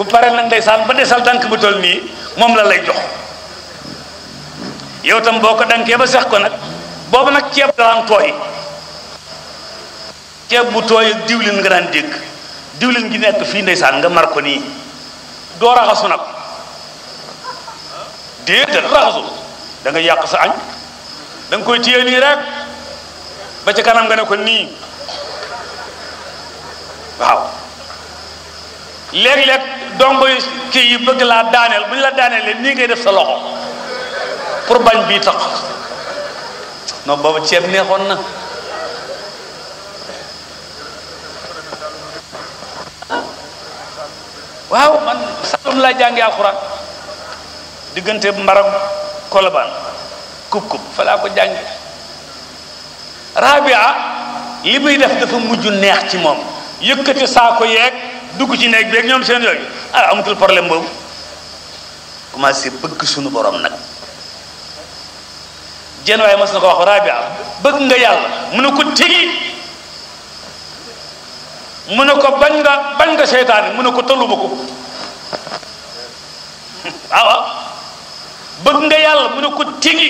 bu paree nag ndeysaan ba desal tànk bu toll nii moom la lay jox yow tam boo ko dankee ba sax ko nag boobu nag ceeb la ceeb bu tooy ak diwlin nga daan dégg diwlin gi nekk fii ndeysaan nga mar ko nii doo raxasu nag déedéet yàq sa añ da nga koy téye nii rek ba ci kanam nga ne ko nii waaw léeg-léeg dongo yu kii yi bëgg laa daaneel bu ñu la daaneelee nii ngay def sa loxo pour bañ bii tax non boobu ceeb neexoon na waaw man Saalum laa jàngee alxuraan diggante Mbarag Kolobaan kub kub fa laa ko jànge Rabia li muy def dafa mujj neex ci moom yëkkati saako yeeg dugg ci néeg beeg ñoom seen yooyu. ah amatul problème boobu commencé bëgg sunu borom nag jenn waaye mas na ko wax rabia bëgg nga yàlla mu ne ko tigi mu ne ko bañ nga bañ nga seytaane mu ne ko tëluma ko ah, waaw bëgg nga yàlla mu ne ko tigi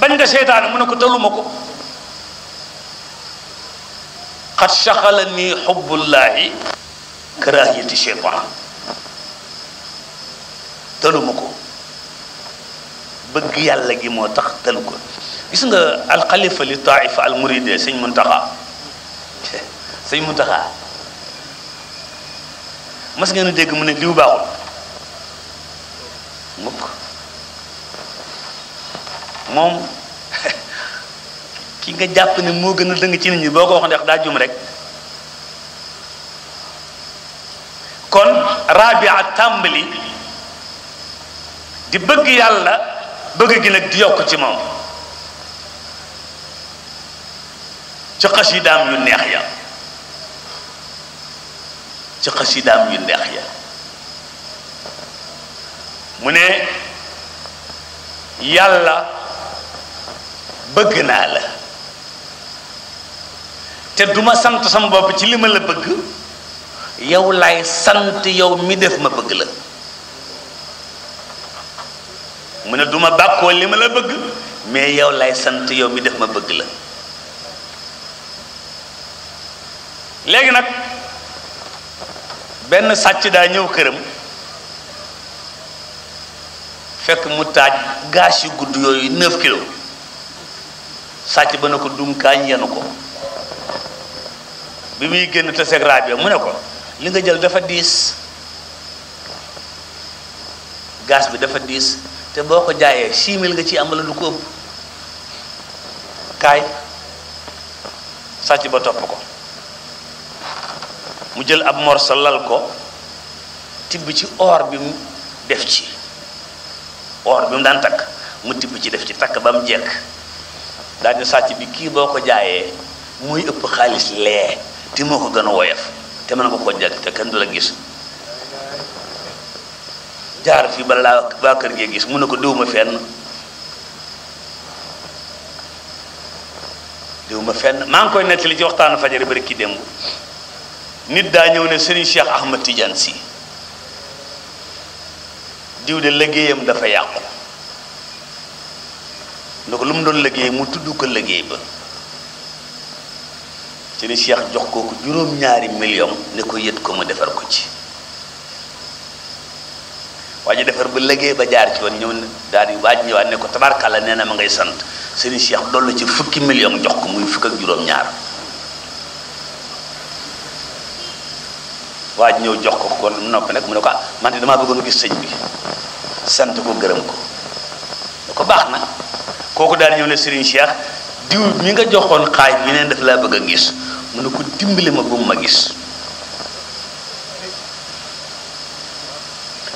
bañ nga seytaane mu ne ko tëluma ko xat saxala nii xubbullaahi karaahiyati seytaan taluma ko bëgg yàlla gi moo tax talu ko gis nga alxalifa li taifa al muride sëñ muntaxa sëñ muntaxa mas ngeen a dégg mu ne liw baaxul mukk moom ki nga jàpp ne moo gën a dëng ci nit ñi boo ko wax ndax daa jum rek rabia tàmbali di bëgg yàlla bëgg gi nag di yokk ci moom ci xasidaam yu neex ya ci xasidaam yu neex ya mu ne yàlla bëgg naa la te duma sant sama bopp ci li ma la bëgg yow laay sant yow mi def ma bëgg la mu ne duma bàkkoo li ma la bëgg mais yow laay sant yow mi def ma bëgg la léegi nag benn sàcc daa ñëw këram fekk mu taaj gaas yu gudd yooyu neuf kilo sàcc ba ne ko dum yenu ko bi muy génn te seeg raab mu ne ko li nga jël dafa diis gaz bi dafa diis te boo ko jaayee six mille nga ci am la du ko ëpp kaay sàcc ba topp ko mu jël ab morso lal ko tibb ci or bi mu def ci or bi mu daan takk mu tibb ci def ci takk ba mu jekk daal di sàcc bi kii boo ko jaayee muy ëpp xaalis lee te moo ko gën a woyof te mën nga koo jàng te kenn du la gis jaar fii bala laa waa kër gee gis mun na ko déwuma fenn ma fenn maa ngi koy nettali ci waxtaan fajar bari ki démb nit daa ñëw ne Serigne Cheikh Ahmad Tidiane Sy diw de liggéeyam dafa yàqu ne ko lu mu doon liggéey mu tudd ko liggéey ba sëñ Cheikh jox kooku juróom-ñaari million ne ko yët ko mu defar ko ci waa ji defar ba liggéey ba jaar ci woon ñëw daal di waaj ne ko tabarkàlla nee na ma ngay sant sëñ Cheikh dollu ci fukki million jox ko muy fukk ak juróom-ñaar waaj ñëw jox ko kon noppi nag mu ne ko ah, man de damaa bëggoon gis sëñ bi sant ko gërëm ko da ko baax na kooku daal ñëw ne Serigne Cheikh diw mi nga joxoon xaaj bi neen daf laa bëgg a gis mu ne ko dimbale ma ba ma gis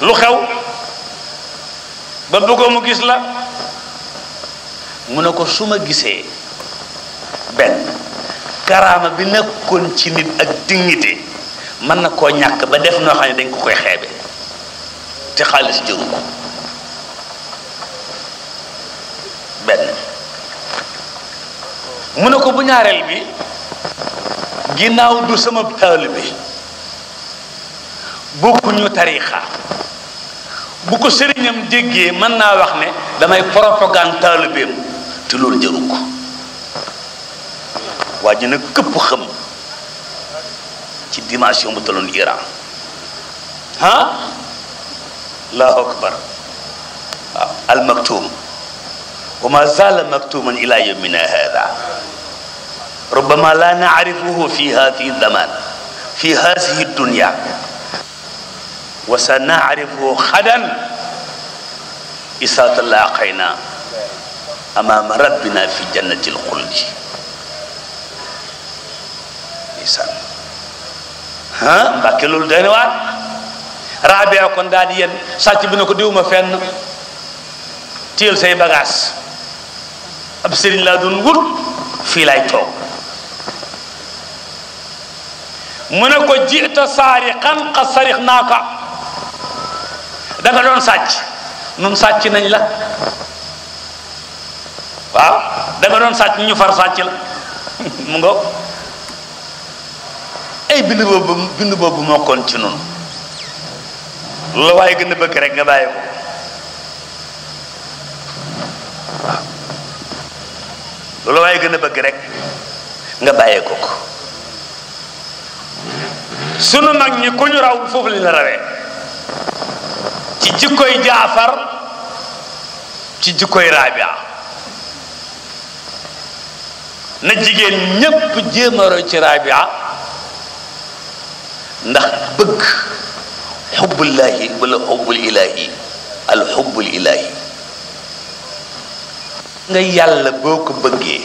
lu xew ba bëggoo mu gis la mu ne ko suma gisee benn karaama bi nekkoon ci nit ak dignité mën na koo ñàkk ba def noo xam ne dañ ko koy xeebe te xaalis jëru ko benn mu ne ko bu bi ginnaaw du sama taalibe bokkuñu tariixa bu ko sëriñam déggee mën naa wax ne damay propagande taalibeem te loolu jëru ko waa ji nag këpp xam ci dimension bu taloon Iran ah allahu akbar waaw wa ma zala maktuman ila yawmina hada ربما لا نعرفه في هذه الزمان في هذه الدنيا وسنعرفه غدا إذا تلاقينا أمام ربنا في جنة الخلد ndeysaan ah mbàkke loolu doy na waar raabia kon daal di yéen sàcc bi ne ko diwuma fenn téyel say bagage ab sëriñ laa doon wut fii laay toog mu ne ko jita saari xan xa sarix naa ka da doon sàcc nun sàcc nañ la waaw da nga doon sàcc ñu far sàcc la mu nga ay bind boobu bind boobu mokkoon ci noonu loolu waaye gën a bëgg rek nga bàyyi ko waaw waaye gën a bëgg rek nga bàyyee ko sunu nag ñi ku ñu rawul foofu lañ rawee ci jikkoy jaafar ci jikkoy rabia na jigéen ñépp jéemaro ci rabia ndax bëgg xubbullaahi wala xubbul ilaahi al xubbul ilaahi nga yàlla boo ko bëggee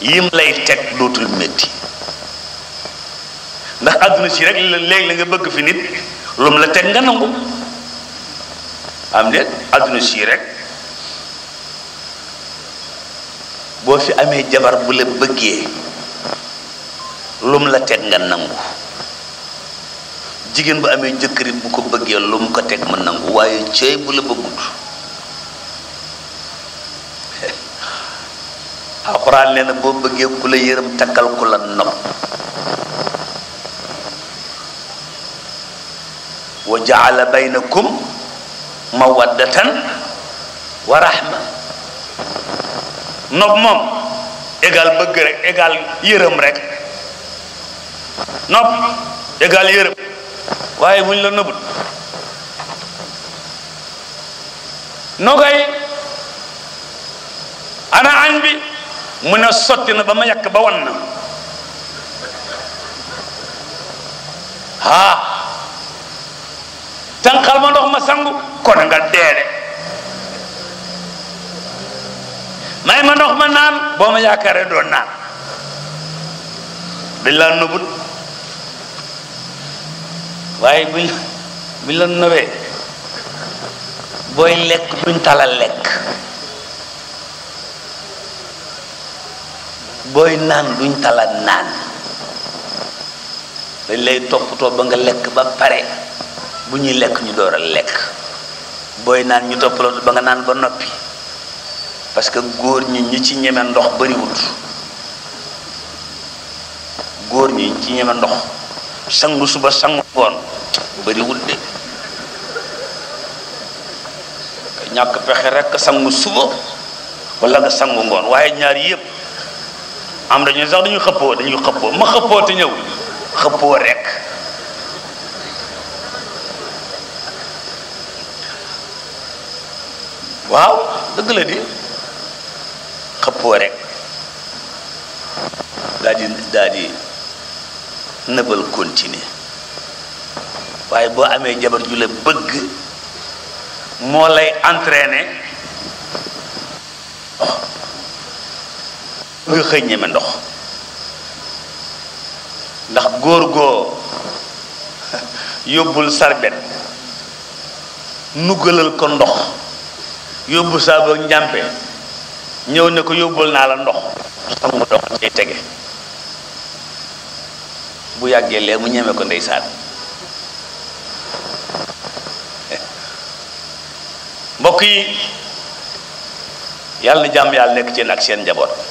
yim lay teg dootul métti ndax àdduna si rek la léegi la nga bëgg fi nit lu la teg nga nangu am déet àdduna si rek boo fi amee jabar bu la bëggee lu mu la teg nga nangu jigéen bu amee jëkkërit bu ko bëggee lu mu ko teg ma nangu waaye cey bu la bëggut alxuraan nee na boo bëggee ku la yërëm takkal ku la nopp wa jaala baynakum mawaddatan wa rahma nopp moom égal bëgg rek égal yërëm rek nopp égal yërëm waaye bu la nëbbul no koy ana añ bi mu ne sotti na ba ma yàkk ba wan na tànqal ma ndox ma sangu kon nga deede may ma ndox ma naan boo ma yaakaaree doon naan dañ laa nëbut waaye lekk duñ lekk booy naan duñ talal naan dañ lay ba nga lekk ba pare bu ñuy lekk ñu door a lekk booy naan ñu toppaloo ba nga naan ba noppi parce que góor ñi ñu ci ñeme ndox bariwul góor ñi ci ñeme ndox sangu suba sangu ngoon bariwut de ñàkk pexe rekk sangu suba walla nga sangu ngoon waaye ñaar yëpp am dañuy sax dañuy xëppoo dañuy xëppoo ma xëppoo te ñëw xëppoo rekk waaw dëgg la di xëppoo rek daal di daal di waaye boo amee jabar ju la bëgg moo lay entraîner oh. nga xëy ñeme ndox ndax góor goo yóbbul sarbet nugalal ko ndox yóbbu saabu njàmpe ñëw ne ko yóbbul naa la ndox sangu ndox day tege bu yàggee lee mu ñeme ko ndeysaan mbokk yi yàlla na jàmm yàlla nekk ci ak seen njaboot